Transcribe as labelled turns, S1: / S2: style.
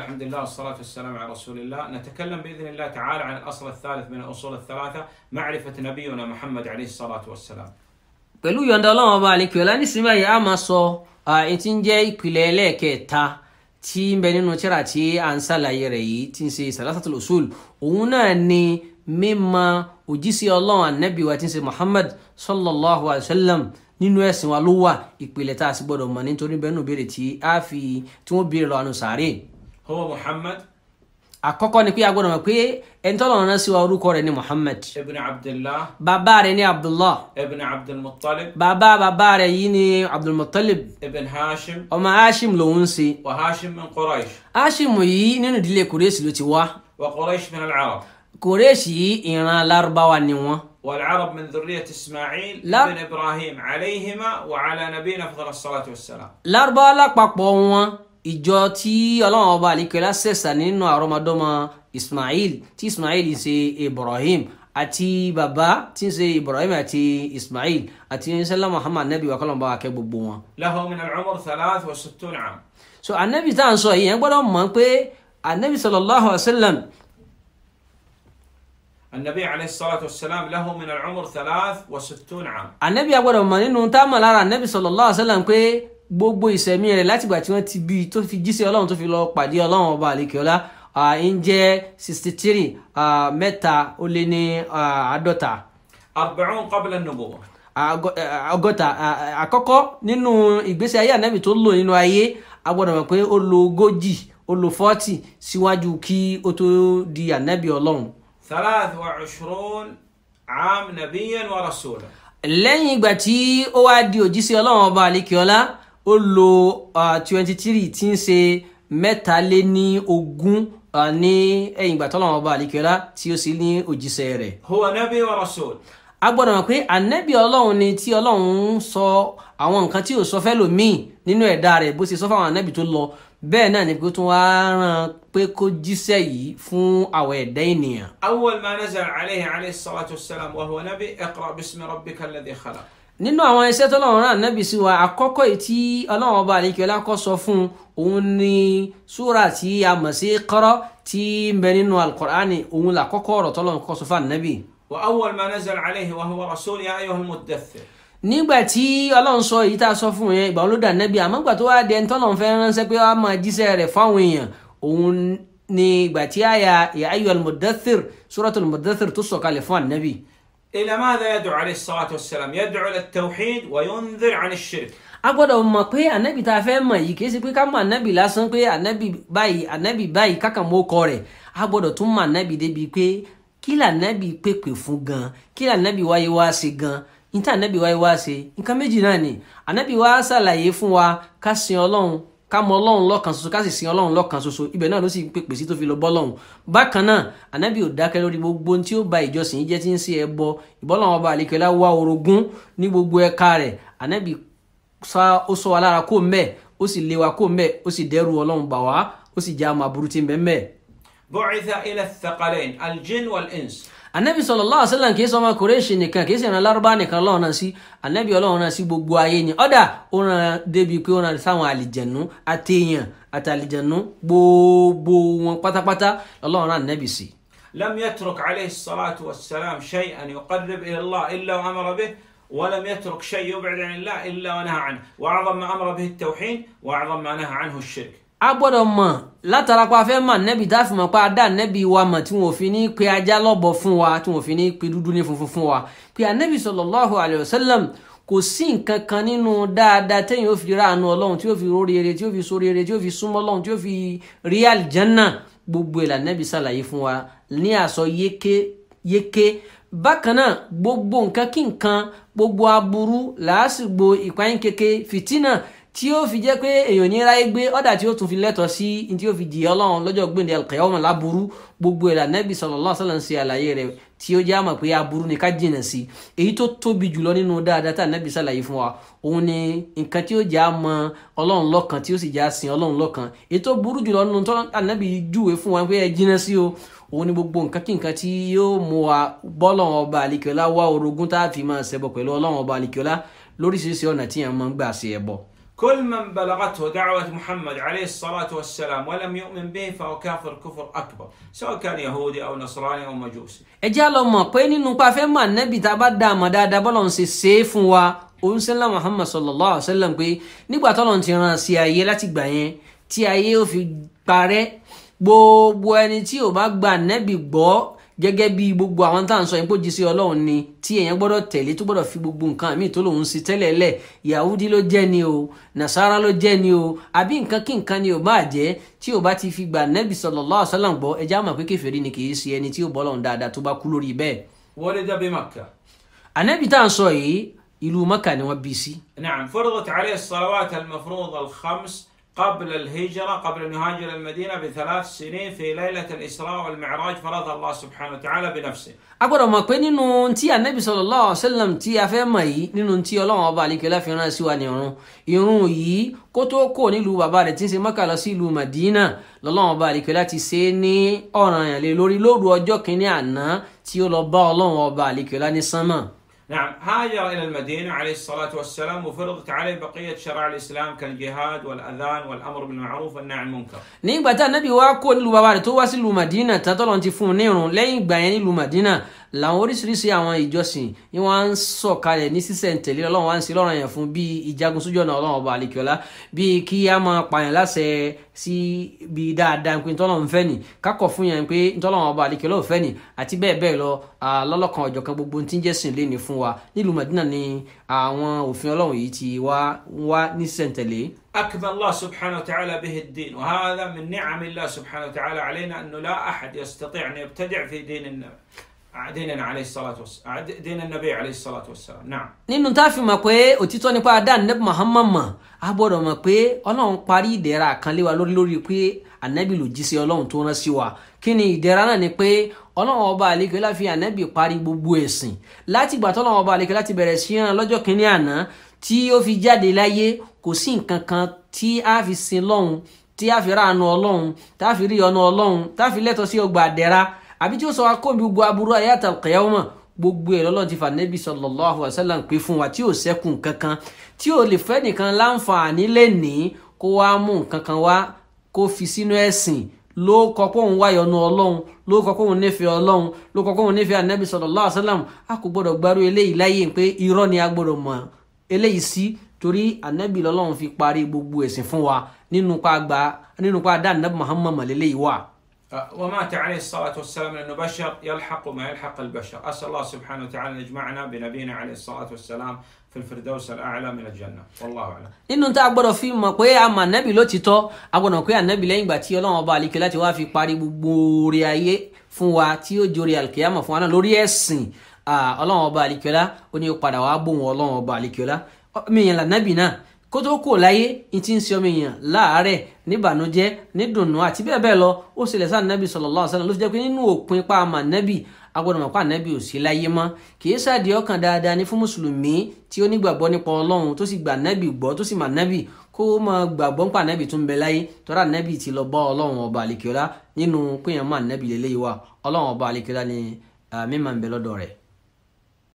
S1: الحمد لله والصلاة والسلام على رسول الله نتكلم بإذن الله تعالى عن الأصل الثالث من الأصول الثلاثة معرفة نبينا محمد عليه الصلاة والسلام
S2: pẹ̀lú yọ̀ǹda ọlọ́run ọba àlekè ọ̀la nísìnyí báyìí a máa sọ èyí ń jẹ́ ìpìlẹ̀ ẹlẹ́ẹ̀kẹta tí ń bẹ nínú tíra tí à ń ṣàlàyé rẹ̀ yìí tí ń ṣe salasatul usul òun náà ni mímọ̀ òjíṣẹ́ ọlọ́run ànábì wa tí ń ṣe Muhammad sallallahu alayhi wa sallam nínú ẹ̀sìn wa ló wà ìpìlẹ̀ tá a sì gbọ́dọ̀ mọ̀ nítorí bẹ́ẹ̀ nù béèrè tí wọ́n béèrè lọ́wọ́ sàárè
S1: huwa muhammad.
S2: àkọ́kọ́ ni pé a gbọ́dọ̀ mọ̀ pé ẹni tọ́lọ̀ rán sí wa orúkọ rẹ̀ ni muhammad.
S1: ibn abdullah.
S2: bàbá rẹ̀ ni abdullah.
S1: ibn abdulmutalib.
S2: bàbá bàbá rẹ̀ yìí ni abdulmutalib.
S1: ibn hashim.
S2: ọmọ hashim lòun ṣe.
S1: wa hashim min quraish.
S2: hashim yìí nínú ìdílé kùrẹ́sì ló ti wá.
S1: wa quraish min al-arab.
S2: kùrẹ́sì yìí ìran lárúbáwá ni wọ́n.
S1: والعرب من ذرية إسماعيل لا. بن إبراهيم عليهما وعلى نبينا أفضل الصلاة والسلام.
S2: لاربا لا بقوا ìjọ tí ọlọ́run ọba àlìkẹ́lá sẹ̀sà nínú àrọ́mọdọ́mọ ismail tí ismail ń ṣe ibrahim àti bàbá tí ń ṣe ibrahim àti ismail àti sẹ́lá muhammad nabi wa kọ́lọ́mù bá wa kẹ́ gbogbo wọn.
S1: lahum min al wa sittuna
S2: so anabi tá à ń sọ yìí ẹ gbọ́dọ̀ mọ̀ pé anabi sallallahu alayhi wa sallam.
S1: النبي عليه الصلاة والسلام له من العمر ثلاث وستون عام
S2: النبي أقول من إنه تام على النبي صلى الله عليه وسلم كي gbogbo ìsẹ̀mí rẹ̀ látìgbà tí wọ́n ti bí tó fi jíṣẹ́ ọlọ́run tó fi lọ pàdé ọlọ́run ọba àlekèọ́lá ń jẹ́ sixty three mẹ́ta ó lé ní àádọ́ta.
S1: arba'un qabla an-nubuwwa.
S2: ọgọ́ta àkọ́kọ́ nínú ìgbésí ayé ànábì tó lò nínú ayé a mọ̀ pé ó lo ogójì ó lo forty síwájú kí ó tó di ànábì ọlọ́run.
S1: thalath wa ushrun am nabiyyan wa rasula.
S2: lẹ́yìn ìgbà tí ó wá di òjíṣẹ́ ọlọ́run ọba àlekèọ́lá ó lo twenty three tí ń ṣe mẹ́ta lé ní ogún ní ẹ̀yìn ìgbà tọ́lọ́wọ́n ọba àlìkẹ́lá tí ó sì ní òjíṣẹ́ rẹ̀. huwa nabi wa rasul a gbọ́dọ̀ mọ̀ pé ànẹ́bí ọlọ́run ni tí ọlọ́run ń sọ àwọn nǹkan tí ò sọ fẹ́ lòmíì nínú ẹ̀dá rẹ̀ bó ṣe sọ fáwọn ànẹ́bí tó lọ bẹ́ẹ̀ náà ni pé tó wá rán pé kó jíṣẹ́ yìí fún àwọn ẹ̀dá ènìyàn.
S1: awwal ma nazala alayhi alayhi salatu wassalam wa huwa nabi iqra bismi rabbika alladhi khalaq
S2: nínú àwọn iṣẹ́ tó lọ́wọ́ rán nábì sí wa àkọ́kọ́ yìí tí ọlọ́wọ́n ọba àlekèọ́lá kọ́ sọ fún òun ni súrà tí a mọ̀ sí Iqra tí ń bẹ nínú alukur'ani òun là kọ́kọ́ ọ̀rọ̀ tọ́lọ́wọ́n kọ́ sọ fún ànábì.
S1: wa awwal ma nazala alayhi wa huwa rasul ya ayyuhal muddaththir.
S2: nígbà tí ọlọ́run sọ èyí tá a sọ fún yẹn ìgbà olódà nábì àmọ́ ìgbà tó
S1: wá إلى ماذا يدعو عليه الصلاة والسلام يدعو إلى التوحيد وينذر عن الشرك
S2: a gbọ́dọ̀ mọ̀ pé ànábì tá a fẹ́ mọ̀ yìí kì í ṣe pé ká mọ̀ ànábì lásán pé ànábì báyìí ànábì báyìí kákan mọ kọ rẹ̀ a gbọ́dọ̀ tún mọ̀ ànábì débi pé kí lànábì pèpè fún gan kí lànábì wáyé wá ṣe gan níta ànábì wáyé wá ṣe nǹkan méjì náà ni ànábì wá ṣàlàyé fún wa ká sin Ọlọ́run ká mọ ọlọ́run lọ́kan ṣoṣo ká sì sin ọlọ́run lọ́kan ṣoṣo ibẹ̀ náà ló sì pèpè sí tó fi lọ bọ́lọ́run bákan náà ànábì ò dákẹ́ lórí gbogbo tí ó ba ìjọsìn jẹ́ tí ń ṣe ẹbọ ìbọ́lọ́run ọba àlekẹ́lá wá orogún ní gbogbo ẹ̀ka rẹ̀ ànábì ó sọ wa lára kó mbẹ́ ó sì lé wa kó mbẹ́ ó sì dẹ́rù ọlọ́run bà wá ó sì já àmọ́ àbúrú tí mbẹ́ mbẹ́. النبي صلى الله عليه وسلم كيسو ما كوريشي نكا كيسي انا لارباني كان الله ناسي النبي الله ناسي بقوا ييني ادا انا ديبي كي انا سامو على الجنو اتيني اتا الجنو بو بو وان قطا قطا الله انا النبي سي
S1: لم يترك عليه الصلاة والسلام شيئا يقرب إلى الله إلا وأمر به ولم يترك شيء يبعد عن الله إلا ونهى عنه وأعظم ما أمر به التوحيد وأعظم ما نهى عنه الشرك
S2: a gbọ́dọ̀ mọ̀ látara pa fẹ́ mà nẹ́bi tá a fi mọ̀ pa dá nẹ́bi wa mọ̀ tí wọn ò fi ní pe ajá lọ́bọ fún wa tí wọn fi ní pe dúdú ní funfun fún wa pé anẹ́bi sallallahu alayhi wa sallam kò sí nǹkan kan nínú dáadáa tẹ́yìn ó fi ra àánú ọlọ́run tí ó fi rórí eré tí ó fi sórí eré tí ó fi súnmọ́ ọlọ́run tí ó fi rí àlìjánná gbogbo ẹ̀ lànẹ́bi ṣàlàyé fún wa ní àsọ yéké yéké bákan náà gbogbo nǹkan kí nǹkan gbogbo aburú làásìgbò ìpáyín keke fìtínà tí ó fi jẹ́ pé èèyàn ní ráyé gbé ọ̀dà tí ó tún fi lẹ́tọ̀ọ́ sí tí ó fi jì ọlọ́run lọ́jọ́ gbèǹde alqiyama láburú gbogbo ẹ̀dà nẹ́bí sallallahu alaihi wasallam ṣe àlàyé rẹ̀ tí ó jẹ́ àmọ̀ pé aburú ni ká jìnà sí èyí tó tóbi jùlọ nínú dáadáa tá nẹ́bí ṣàlàyé fún wa òun ni nǹkan tí ó jẹ́ àmọ́ ọlọ́run lọ́kan tí ó sì jẹ́ àsìn ọlọ́run lọ́kan èyí tó burú jùlọ nínú tó nẹ́bí júwe fún wa pé ẹ jìnà sí o òun ni gbogbo nǹkan kí nǹkan tí yóò mú wa bọ́lọ́run ọba àlìkíọ́lá wá orogún tá a fi máa ṣẹbọ pẹ̀lú ọlọ́run ọba àlìkíọ́lá lóríṣiríṣi ọ̀nà tí yẹn máa ń gbà ṣe ẹbọ
S1: كل من بلغته دعوة محمد عليه الصلاة والسلام ولم يؤمن به فهو كافر كفر أكبر سواء كان يهودي أو نصراني أو مجوسي
S2: ẹ jẹ́ lọ mọ̀ pé nínú pa fẹ́ mọ̀ nẹ́bí tá a bá dá àmọ́ dáadáa bọ́lọ̀ ń ṣe ṣe é fún wa oníṣẹ́lá muhammad sallallahu alayhi wa sallam pé nígbà tọ́lọ̀ ti ràn sí ayé láti gbà yẹn tí ayé ó fi parẹ́ gbogbo ẹni tí ò bá gba nẹ́bí gbọ́ gẹ́gẹ́ bí gbogbo àwọn tá à ń sọ yẹn pé jíṣẹ́ ọlọ́run ni tí èèyàn gbọ́dọ̀ tẹ̀lé tó gbọ́dọ̀ fi gbogbo nǹkan míì tó lòun sí tẹ́lẹ̀ lẹ̀ yahudi ló jẹ́ ni o nasara ló jẹ́ ni o àbí nǹkan kí nǹkan ni ò bá jẹ́ tí ò bá ti fi gbà nẹ́bì sallallahu alaihi wasallam gbọ́ ẹja mọ̀ pé kèfèrí ni kì í ṣe ẹni tí ò bọ́ lọ́run dáadáa tó bá kú lórí bẹ́ẹ̀.
S1: wọ́n lè jábẹ́ màkà.
S2: tá à ń sọ yìí ìlú maka ni wọ́n bí sí.
S1: na'am faradat alayhi as قبل الهجرة قبل أن يهاجر المدينة بثلاث سنين في ليلة الإسراء والمعراج فرض الله سبحانه وتعالى بنفسه.
S2: a gbọ́dọ̀ mọ̀ pé nínú tí anabi sallallahu alaihi wasallam tí a fẹ́ mọ̀ yìí nínú tí Ọlọ́run ọba àlekèlá fi rán sí wa ní ìrun ìrun yìí kó tó kó nílùú bàbá rẹ̀ tí ń ṣe Mẹ́kà lọ sí ìlú Madina lọ́lọ́run ọba àlekèlá ti ṣe é ní ọ̀ranyàn lé lórí lóru ọjọ́ kìíní àná tí ó lọ bá Ọlọ́run ọba àlekèlá ní sánmà.
S1: نعم هاجر إلى المدينة عليه الصلاة والسلام وفرضت عليه بقية شرائع الإسلام كالجهاد والأذان والأمر بالمعروف والنهي عن المنكر
S2: nígbà tá a nábì wá kó nílùú bàbá rẹ̀ tó wá sílùú Madina tátọ́lọ́ ti fún làwọn oríṣiríṣi àwọn ìjọsìn ni wọ́n ń sọ̀kalẹ̀ ní sísẹ̀ntẹ̀lé ọlọ́run wá ń ṣe lọ́rọ̀ yẹn fún bíi ìjagun sójú ọ̀nà ọlọ́run ọba àlekíọ́lá bíi kí a máa pààyàn láṣẹ sí bíi dáadáa pé ntọ́lọ́run fẹ́ nì kákọ̀ fún yẹn pé ntọ́lọ́run ọba àlekíọ́lá ò fẹ́ nì àti bẹ́ẹ̀ bẹ́ẹ̀ lọ lọ́lọ́kan ọ̀jọ̀kan gbogbo tí ń jẹ́sìn lé ní fún wa nílùú Madina ni àwọn òfin ọlọ́run yìí ti wá wá ní sísẹ̀ntẹ̀lé.
S1: أكمل الله سبحانه وتعالى به الدين وهذا من نعم الله سبحانه وتعالى علينا أنه لا أحد يستطيع أن يبتدع في دين النبي àdénà aleyhi salatu wassalam àdénà nabi aleyhi salatu wassalam naam.
S2: nínú tá a fi mọ̀ pé òtítọ́ nípa adan nebi muhammad mọ̀ a gbọ́dọ̀ mọ̀ pé ọlọ́run parí ìdẹ̀ra kan lé wa lórí lórí pé anabi ló jíṣẹ́ ọlọ́run tó rán sí wa kí ni ìdẹ̀ra náà ni pé ọlọ́run ọba àlekè láfi anabi parí gbogbo ẹ̀sìn láti ìgbà tọ́lọ́run ọba àlekè láti bẹ̀rẹ̀ sí hàn lọ́jọ́ kínní àná tí ó fi jáde láyé kò sí nǹkan kan tí a fi sin lọ́hun tí a fi ráàánú ọlọ́run tá a fi rí ọ̀nà àbí tí ó sọ akóbi gbogbo aburú ayé àtàlùkẹ́yàwọ́mọ̀ gbogbo ẹ̀ lọ́lọ́run ti fà nẹ́bí sallallahu alaihi wasallam pé fún wa tí ò sẹ́kùn kankan tí ò lè fẹ́ nìkan láǹfààní lè ní kó wá mú nǹkan kan wá kó fi sínú ẹ̀sìn ló kọ pé òun wáyọ̀ nu ọlọ́run ló kọ pé òun nífẹ̀ẹ́ ọlọ́run ló kọ pé òun nífẹ̀ẹ́ anẹ́bí sallallahu alaihi wasallam a kò gbọ́dọ̀ gbárù eléyìí láyé pé irọ́ ni a gbọ́dọ̀ mọ̀ eléyìí sí torí anẹ́bí lọ́lọ́run fi parí gbogbo ẹ̀sìn fún wa nínú pa àgbà nínú pa àdá anẹ́bí Muhammad mọ̀lẹ́lẹ́yìí wà.
S1: ومات عليه الصلاة والسلام لأنه بشر يلحق ما يلحق البشر أسأل الله سبحانه وتعالى أن يجمعنا بنبينا عليه الصلاة والسلام في الفردوس الأعلى من الجنة والله أعلم
S2: إنه أنت أقبل في ما قوي أما النبي لو تتو أقبل قوي النبي لين باتي الله وبالك لا توافي قاري بوريا فوا تيو جوري القيامة فوانا لوري السن آه، الله وبالك لا وني قد وابو الله وبالك لا مين النبي kó tó kò láyé n ti ń ṣe ọmọ èèyàn láàárẹ̀ níbànújẹ́ nídùnnú àti bẹ́ẹ̀ bẹ́ẹ̀ lọ ó ṣẹlẹ̀ sáà nẹ́bí sallallahu alaihi wasallam ló fi jẹ́ pé nínú òpin pa àmà nẹ́bí agbọ́dọ̀ mọ̀ pé ànẹ́bí ò sí láyé mọ́ kìí sáàdì ọkàn dáadáa ní fún mùsùlùmí tí ó nígbàgbọ́ nípa ọlọ́run tó sì gbà nẹ́bí gbọ́ tó sì mà nẹ́bí kó mọ gbàgbọ́ nípa ànẹ́bí tó ń bẹ láyé tọ́ra ànẹ́bí ti lọ bá ọlọ́run ọba àlekèọ́lá nínú péyàn ni mímọ̀ ń bẹ